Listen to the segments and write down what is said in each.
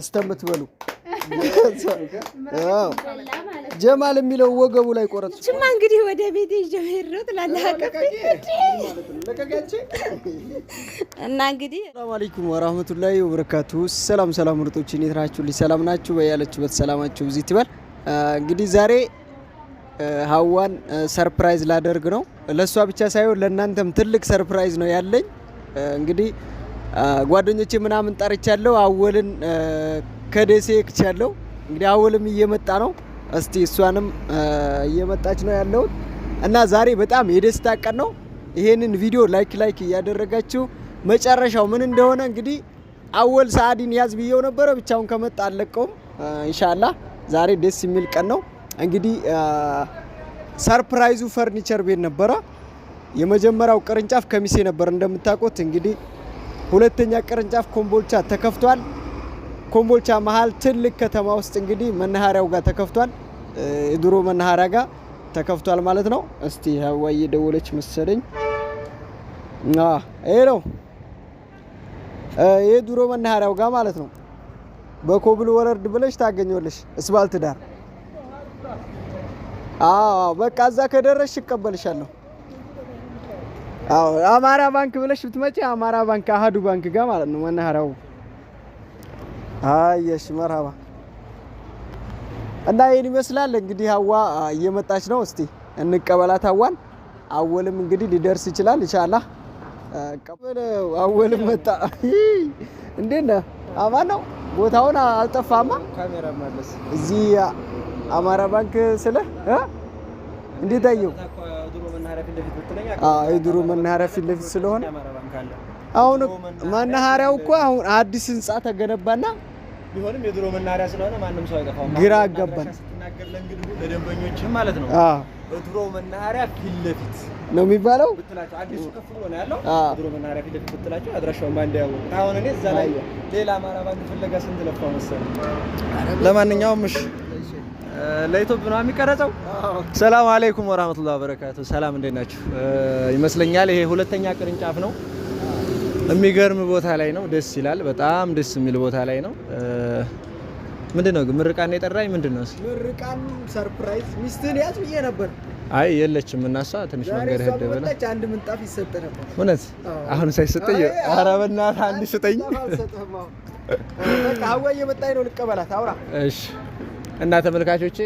እስተምትበሉ ጀማል የሚለው ወገቡ ላይ ቆረጥ። ችማ እንግዲህ ወደ ቤት ጀምር ነው እና እንግዲህ ሰላም አለይኩም ወራህመቱላሂ ወበረካቱ። ሰላም ሰላም ምርጦች እንዴት ናችሁ? ሰላም ናችሁ? በያለችበት ሰላማችሁ ብዙ ትበል። እንግዲህ ዛሬ ሀዋን ሰርፕራይዝ ላደርግ ነው። ለእሷ ብቻ ሳይሆን ለእናንተም ትልቅ ሰርፕራይዝ ነው ያለኝ እንግዲህ ጓደኞቼ ምናምን ጠርቻለሁ። አወልን ከደሴ ክቻለሁ። እንግዲህ አወልም እየመጣ ነው። እስቲ እሷንም እየመጣች ነው ያለው እና ዛሬ በጣም የደስታ ቀን ነው። ይሄንን ቪዲዮ ላይክ ላይክ እያደረጋችሁ መጨረሻው ምን እንደሆነ እንግዲህ አወል ሰአዲን ያዝ ብየው ነበረ። ብቻውን ከመጣ አለቀውም። እንሻላ ዛሬ ደስ የሚል ቀን ነው። እንግዲህ ሰርፕራይዙ ፈርኒቸር ቤት ነበረ። የመጀመሪያው ቅርንጫፍ ከሚሴ ነበር እንደምታውቁት እንግዲህ ሁለተኛ ቅርንጫፍ ኮምቦልቻ ተከፍቷል። ኮምቦልቻ መሀል ትልቅ ከተማ ውስጥ እንግዲህ መናኸሪያው ጋር ተከፍቷል። የድሮ መናኸሪያ ጋር ተከፍቷል ማለት ነው። እስቲ ሀዋይ የደወለች መሰለኝ። ይሄ ነው ይህ ድሮ መናኸሪያው ጋር ማለት ነው። በኮብል ወረድ ብለሽ ታገኘለሽ እስባልት ዳር። አዎ በቃ እዛ ከደረሽ እቀበልሻለሁ። አዎ አማራ ባንክ ብለሽ ብትመጪ አማራ ባንክ አሀዱ ባንክ ጋር ማለት ነው መናኸሪያው። አየሽ መርሃባ እና ይህን ይመስላል እንግዲህ። ሀዋ እየመጣች ነው። እስቲ እንቀበላት ሀዋን። አወልም እንግዲህ ሊደርስ ይችላል ኢንሻአላህ። ቀበል አወልም መጣ። እንዴት ነህ? አማን ነው ቦታውን አልጠፋማ። ካሜራ ማለስ እዚህ አማራ ባንክ ስለ እንዴት አየው የድሮ መናኸሪያ ፊት ለፊት ስለሆነ አሁን መናኸሪያው እኮ አሁን አዲስ ህንጻ ተገነባና ቢሆንም የድሮ መናኸሪያ ስለሆነ ማንም ሰው አይጠፋም። ግራ አጋባን ለደንበኞችም ማለት ነው። መናኸሪያ ፊት ለፊት ነው የሚባለው ብትላቸው አዲሱ ከፍ ብሎ ነው ያለው። ድሮ መናኸሪያ ፊት ለፊት ብትላቸው አድራሻውን ባንድ አሁን እኔ እዛ ላይ ሌላ አማራ ባንክ ፍለጋ ስንት ለፋ መሰለኝ። ለማንኛውም እሺ ለኢትዮጵያ ነው የሚቀረጸው። ሰላም አለይኩም ወራህመቱላሂ ወበረካቱ። ሰላም እንዴት ናችሁ? ይመስለኛል ይሄ ሁለተኛ ቅርንጫፍ ነው። የሚገርም ቦታ ላይ ነው። ደስ ይላል። በጣም ደስ የሚል ቦታ ላይ ነው። ምንድን ነው ግን ምርቃን የጠራኝ ምንድን ነው? ምርቃን ሰርፕራይዝ። ሚስትን ያዝ ብዬ ነበር። አይ የለችም። እናሷ ትንሽ መንገድ ሄደ ብላ አንድ ምንጣፍ ይሰጥ ነበር። እውነት አሁን ሳይሰጠኝ፣ ኧረ በእናትህ አንድ ስጠኝ። በቃ ሀዋ እየመጣኝ ነው፣ ልቀበላት። አውራ እሺ እና ተመልካቾቼ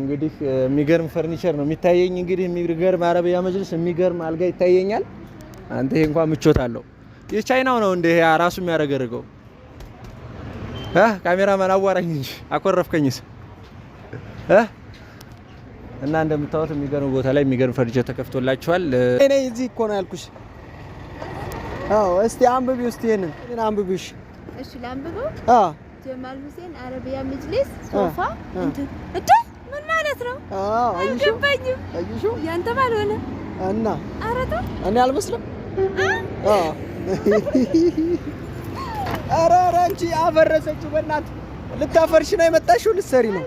እንግዲህ የሚገርም ፈርኒቸር ነው የሚታየኝ። እንግዲህ የሚገርም አረቢያ መጅልስ፣ የሚገርም አልጋ ይታየኛል። አንተ ይሄ እንኳን ምቾት አለው። የቻይናው ነው እንደ ራሱ የሚያረገርገው። ካሜራማን አዋራኝ እንጂ አኮረፍከኝስ። እና እንደምታዩት የሚገርም ቦታ ላይ የሚገርም ፈርኒቸር ተከፍቶላችኋል። እኔ እዚህ እኮ ነው ያልኩሽ። አዎ፣ እስቲ አንብቢው፣ እስቲ ይሄንን አንብቢው። እሺ፣ ላንብበው። አዎ ጀማል ሁሴን አረቢያ መጅሊስ ሶፋ እንትን እንደ ምን ማለት ነው? አዎ አይገባኝም። አይሹ ያንተም አልሆነ እና ኧረ እኔ አልመስልም። አረ ኧረ አንቺ አፈረሰችው። በእናትህ ልታፈርሽ ነው የመጣሽው? ልትሰሪ ነው?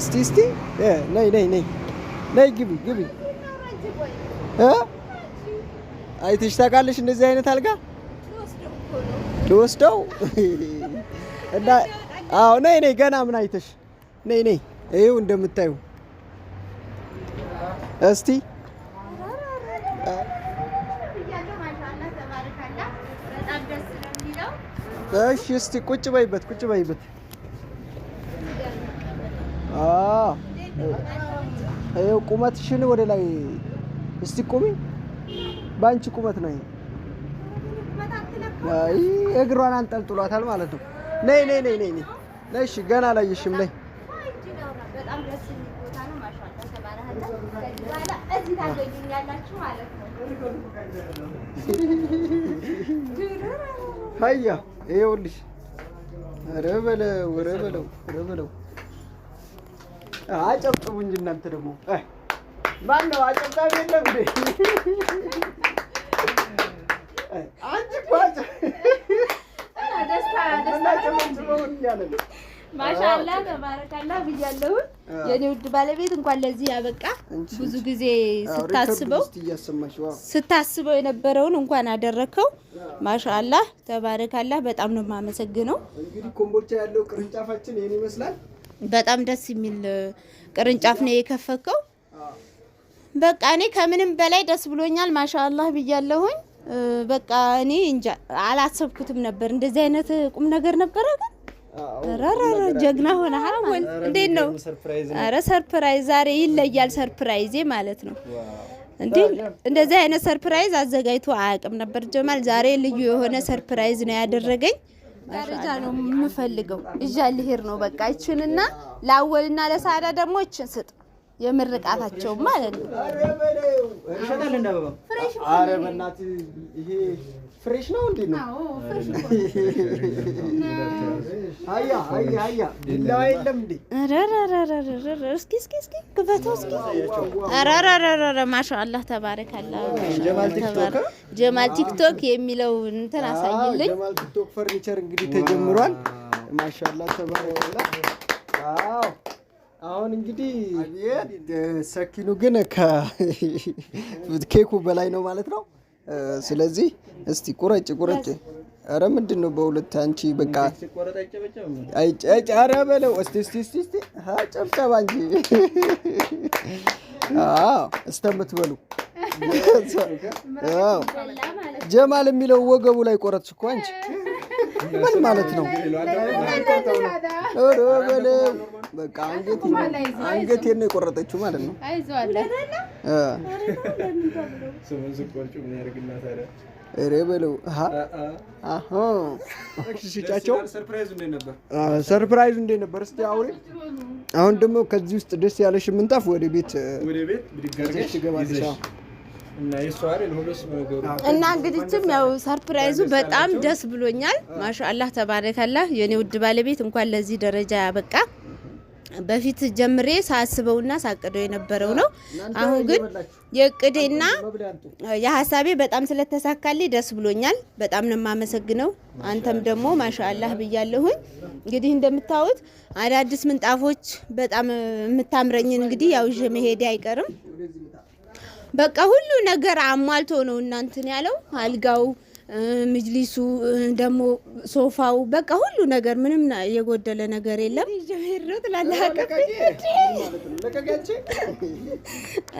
እስቲ እስቲ ነይ ነይ ነይ ነይ ግቢ ግቢ እ አይተሽ ታውቃለሽ? እንደዚህ አይነት አልጋ ልወስደው እና አዎ፣ ነይ ነይ፣ ገና ምን አይተሽ ነይ ነይ። ይኸው እንደምታዩ እስቲ እሺ፣ እስቲ ቁጭ በይበት፣ ቁጭ በይበት። አዎ፣ ይኸው ቁመትሽን ወደ ላይ እስቲ ቁሚ። በአንቺ ቁመት ነው። ይሄ እግሯን አንጠልጥሏታል ማለት ነው። ነይ ነይ ነይ ነይ ነይ ነይ። እሺ ገና አላየሽም። ነይ ሀያ ይኸውልሽ። ኧረ በለው ኧረ በለው ኧረ በለው። አጨብጭቡ እንጂ እናንተ ደግሞ ማን ነው የለም እንዴ አንቺ ማሻላ ተባረካላ ብያለሁን። የኔ ውድ ባለቤት እንኳን ለዚህ ያበቃ። ብዙ ጊዜ ስታስበው ስታስበው የነበረውን እንኳን አደረከው። ማሻላ ተባረካላ። በጣም ነው የማመሰግነው። እንግዲህ ኮምቦልቻ ያለው ቅርንጫፋችን ይመስላል። በጣም ደስ የሚል ቅርንጫፍ ነው የከፈከው። በቃ እኔ ከምንም በላይ ደስ ብሎኛል። ማሻአላህ ብያለሁኝ። በቃ እኔ እንጃ አላሰብኩትም ነበር እንደዚህ አይነት ቁም ነገር ነበረ። ግን ረረረ ጀግና ሆነሃል። እንዴት ነው? ረ ሰርፕራይዝ ዛሬ ይለያል። ሰርፕራይዜ ማለት ነው እንዴ! እንደዚህ አይነት ሰርፕራይዝ አዘጋጅቶ አያውቅም ነበር ጀማል። ዛሬ ልዩ የሆነ ሰርፕራይዝ ነው ያደረገኝ። ደረጃ ነው የምፈልገው። እዣ ልሄድ ነው በቃ ይችንና ለአወልና ለሳዳ ደግሞ ይችን ስጥ የምርቃታቸው ማለት ነው። ይሸጣል እንደ አበባ። ኧረ በእናትህ ይሄ ፍሬሽ ነው እንዴ? ነው አያ አያ አያ ቢላዋ የለም እንዴ? እስኪ እስኪ እስኪ ክፈተው እስኪ። ኧረ ማሻአላህ ተባረካላ። ጀማል ቲክቶክ የሚለው እንትን አሳይልኝ። ጀማል ቲክቶክ ፈርኒቸር እንግዲህ ተጀምሯል። ማሻአላህ ተባረካላ። አዎ አሁን እንግዲህ ሰኪኑ ግን ከኬኩ በላይ ነው ማለት ነው። ስለዚህ እስቲ ቁረጭ ቁረጭ። አረ ምንድን ነው በሁለት አንቺ በቃ አረ በለው እስቲ እስቲ እስቲ እስቲ ጨብጨባ እንጂ እስተምትበሉ ጀማል የሚለው ወገቡ ላይ ቆረጥሽ እኮ አንቺ ምን ማለት ነው? በቃ አንገቴን ነው የቆረጠችው ማለት ነው። ኧረ በለው ስጫቸው። ሰርፕራይዙ እንዴት ነበር? እስኪ አውሪ። አሁን ደግሞ ከዚህ ውስጥ ደስ ያለሽ ምንጣፍ ወደ ቤት እና እንግዲችም ያው ሰርፕራይዙ በጣም ደስ ብሎኛል። ማሻአላህ ተባረከላህ የኔ ውድ ባለቤት፣ እንኳን ለዚህ ደረጃ ያበቃ በፊት ጀምሬ ሳስበውና ሳቅደው የነበረው ነው። አሁን ግን የእቅዴና የሀሳቤ በጣም ስለተሳካልኝ ደስ ብሎኛል። በጣም ነው የማመሰግነው። አንተም ደግሞ ማሻአላህ ብያለሁኝ። እንግዲህ እንደምታዩት አዳዲስ ምንጣፎች በጣም የምታምረኝን እንግዲህ ያው ይዤ መሄድ አይቀርም። በቃ ሁሉ ነገር አሟልቶ ነው እናንትን ያለው አልጋው ምጅሊሱ ደግሞ ሶፋው፣ በቃ ሁሉ ነገር ምንም የጎደለ ነገር የለም።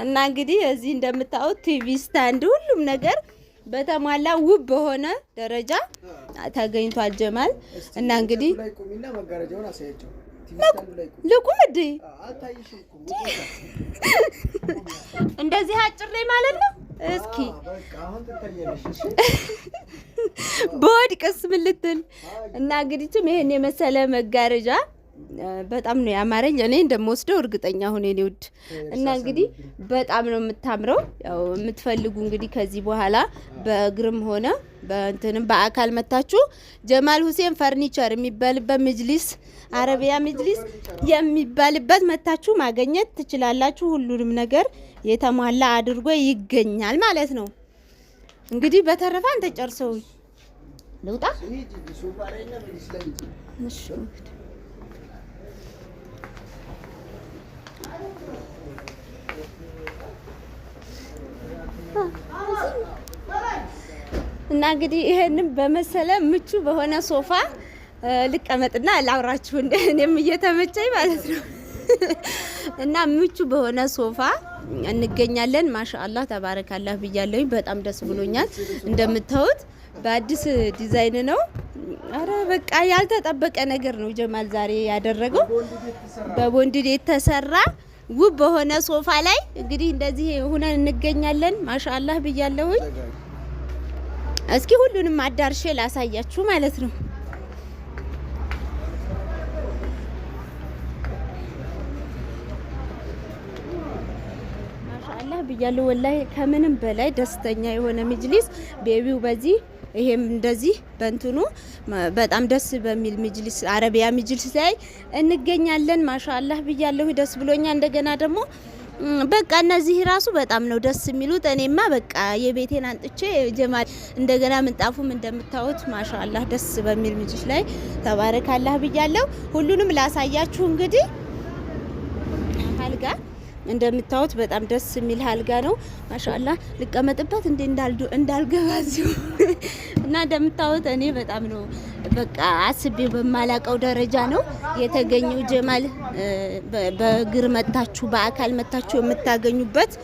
እና እንግዲህ እዚህ እንደምታዩት ቲቪ ስታንድ፣ ሁሉም ነገር በተሟላ ውብ በሆነ ደረጃ ተገኝቷል ጀማል እና እንግዲህ ልቁም እንደዚህ አጭሬ ማለት ነው እስኪ በወድቅስ ምን ልትል እና እንግዲህ ይሄን የመሰለ መጋረጃ በጣም ነው ያማረኝ። እኔ እንደምወስደው እርግጠኛ ሆኜ ሊውድ እና እንግዲህ በጣም ነው የምታምረው። ያው የምትፈልጉ እንግዲህ ከዚህ በኋላ በእግርም ሆነ በእንትንም በአካል መታችሁ ጀማል ሁሴን ፈርኒቸር የሚባልበት ምጅሊስ፣ አረቢያ ምጅሊስ የሚባልበት መታችሁ ማገኘት ትችላላችሁ። ሁሉንም ነገር የተሟላ አድርጎ ይገኛል ማለት ነው። እንግዲህ በተረፈ አንተ ጨርሰው ልውጣ። እና እንግዲህ ይሄንን በመሰለ ምቹ በሆነ ሶፋ ልቀመጥና ላውራችሁ እኔም እየተመቸኝ ማለት ነው። እና ምቹ በሆነ ሶፋ እንገኛለን። ማሻአላህ ተባረካላህ ብያለሁኝ። በጣም ደስ ብሎኛል። እንደምታዩት በአዲስ ዲዛይን ነው። አረ በቃ ያልተጠበቀ ነገር ነው ጀማል ዛሬ ያደረገው በቦንድድ የተሰራ ውብ በሆነ ሶፋ ላይ እንግዲህ እንደዚህ ሁነን እንገኛለን። ማሻአላህ ብያለሁኝ። እስኪ ሁሉንም አዳርሼ ላሳያችሁ ማለት ነው። ማሻአላህ ብያለሁ። ወላሂ ከምንም በላይ ደስተኛ የሆነ ምጅሊስ ቤቢው በዚህ ይሄም እንደዚህ በእንትኑ በጣም ደስ በሚል ምጅልስ አረቢያ ምጅልስ ላይ እንገኛለን። ማሻአላህ ብያለሁ። ደስ ብሎኛ እንደገና ደግሞ በቃ እነዚህ ራሱ በጣም ነው ደስ የሚሉት። እኔማ በቃ የቤቴን አንጥቼ ጀማል እንደገና ምንጣፉም እንደምታዩት ማሻአላህ ደስ በሚል ምጅት ላይ ተባረካላህ ብያለሁ። ሁሉንም ላሳያችሁ እንግዲህ አልጋ እንደምታዩት በጣም ደስ የሚል አልጋ ነው። ማሻአላ ልቀመጥበት እንዴ እንዳልገባ እዚሁ እና እንደምታዩት እኔ በጣም ነው በቃ አስቤ በማላቀው ደረጃ ነው የተገኘው። ጀማል በእግር መታችሁ በአካል መታችሁ የምታገኙበት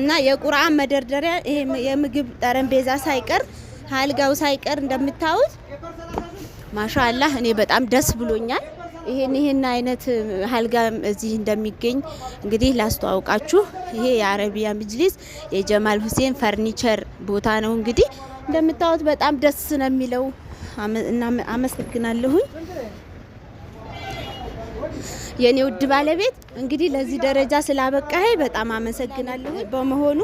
እና የቁርአን መደርደሪያ ይሄ የምግብ ጠረጴዛ ሳይቀር አልጋው ሳይቀር እንደምታዩት ማሻአላ እኔ በጣም ደስ ብሎኛል። ይሄን ይሄን አይነት ሀልጋም እዚህ እንደሚገኝ እንግዲህ ላስተዋውቃችሁ። ይሄ የአረቢያ ምጅሊስ የጀማል ሁሴን ፈርኒቸር ቦታ ነው። እንግዲህ እንደምታዩት በጣም ደስ ነው የሚለው። አመሰግናለሁኝ የኔ ውድ ባለቤት እንግዲህ ለዚህ ደረጃ ስላበቃኸኝ በጣም አመሰግናለሁ። በመሆኑ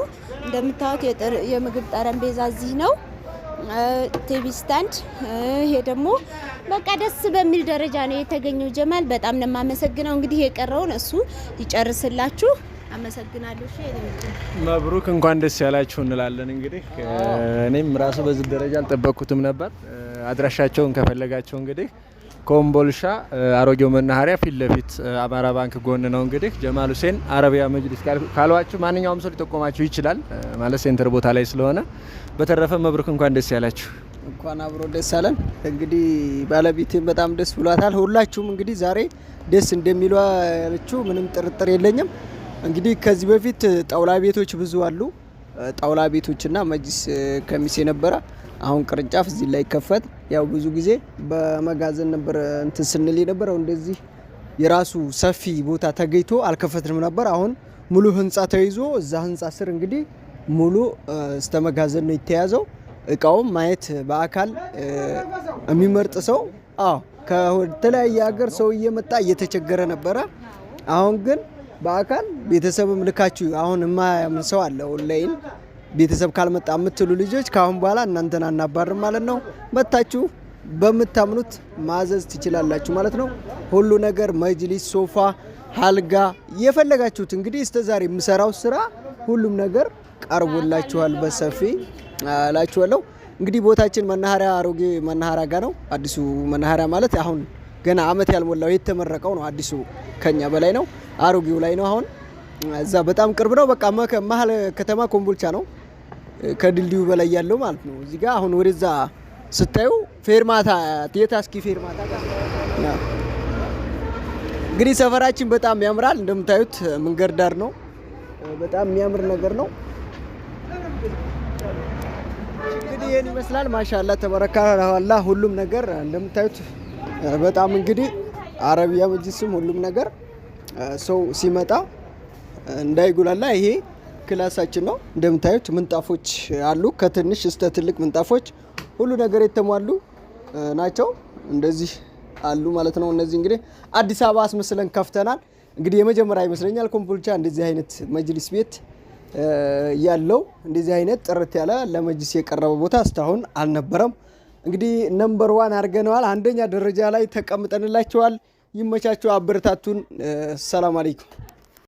እንደምታዩት የምግብ ጠረጴዛ እዚህ ነው። ቲቪ ስታንድ። ይሄ ደግሞ በቃ ደስ በሚል ደረጃ ነው የተገኘው። ጀማል በጣም ነው የማመሰግነው። እንግዲህ የቀረውን እሱ ይጨርስላችሁ። አመሰግናለሁ። መብሩክ፣ እንኳን ደስ ያላችሁ እንላለን። እንግዲህ እኔም ራሱ በዚህ ደረጃ አልጠበቅኩትም ነበር። አድራሻቸውን ከፈለጋቸው እንግዲህ ኮምቦልሻ አሮጌው መናኸሪያ ፊት ለፊት አማራ ባንክ ጎን ነው። እንግዲህ ጀማል ሁሴን አረቢያ መጅሊስ ካሏችሁ ማንኛውም ሰው ሊጠቆማችሁ ይችላል፣ ማለት ሴንተር ቦታ ላይ ስለሆነ። በተረፈ መብሩክ፣ እንኳን ደስ ያላችሁ። እንኳን አብሮ ደስ አለን። እንግዲህ ባለቤቴን በጣም ደስ ብሏታል። ሁላችሁም እንግዲህ ዛሬ ደስ እንደሚሏችሁ ምንም ጥርጥር የለኝም። እንግዲህ ከዚህ በፊት ጣውላ ቤቶች ብዙ አሉ ጣውላ ቤቶችና መጅስ ከሚስ የነበረ አሁን ቅርንጫፍ እዚህ ላይ ከፈት። ያው ብዙ ጊዜ በመጋዘን ነበር እንትን ስንል የነበረው እንደዚህ የራሱ ሰፊ ቦታ ተገኝቶ አልከፈትንም ነበር። አሁን ሙሉ ህንፃ ተይዞ እዛ ህንፃ ስር እንግዲህ ሙሉ እስተ መጋዘን ነው የተያዘው። እቃውም ማየት በአካል የሚመርጥ ሰው አዎ ከተለያየ ሀገር ሰው እየመጣ እየተቸገረ ነበረ። አሁን ግን በአካል ቤተሰብም ልካችሁ አሁን የማያምን ሰው አለ ኦንላይን ቤተሰብ ካልመጣ የምትሉ ልጆች ከአሁን በኋላ እናንተን አናባርም ማለት ነው። መታችሁ በምታምኑት ማዘዝ ትችላላችሁ ማለት ነው። ሁሉ ነገር መጅሊስ፣ ሶፋ፣ አልጋ የፈለጋችሁት እንግዲህ እስከ የምሰራው ስራ ሁሉም ነገር ቀርቦላችኋል በሰፊ እላችኋለሁ። እንግዲህ ቦታችን መናኸሪያ አሮጌ መናኸሪያ ጋ ነው። አዲሱ መናኸሪያ ማለት አሁን ገና አመት ያልሞላው የተመረቀው ነው። አዲሱ ከኛ በላይ ነው። አሮጌው ላይ ነው። አሁን እዛ በጣም ቅርብ ነው። በቃ መሀል ከተማ ኮምቦልቻ ነው፣ ከድልድዩ በላይ ያለው ማለት ነው። እዚህ ጋር አሁን ወደዛ ስታዩ ፌርማታ የታስኪ ፌርማታ ጋር እንግዲህ ሰፈራችን በጣም ያምራል። እንደምታዩት መንገድ ዳር ነው። በጣም የሚያምር ነገር ነው። እንግዲህ ይህን ይመስላል። ማሻላ ተበረካላ ሁሉም ነገር እንደምታዩት በጣም እንግዲህ አረቢያ መጅልስም ሁሉም ነገር ሰው ሲመጣ እንዳይጉላላ ይሄ ክላሳችን ነው። እንደምታዩት ምንጣፎች አሉ። ከትንሽ እስተ ትልቅ ምንጣፎች ሁሉ ነገር የተሟሉ ናቸው። እንደዚህ አሉ ማለት ነው። እነዚህ እንግዲህ አዲስ አበባ አስመስለን ከፍተናል። እንግዲህ የመጀመሪያ ይመስለኛል ኮምቦልቻ እንደዚህ አይነት መጅሊስ ቤት ያለው እንደዚህ አይነት ጥርት ያለ ለመጅሊስ የቀረበ ቦታ እስካሁን አልነበረም። እንግዲህ ነምበር ዋን አድርገነዋል። አንደኛ ደረጃ ላይ ተቀምጠንላቸዋል። ይመቻቸው፣ አበረታቱን። ሰላም አለይኩም።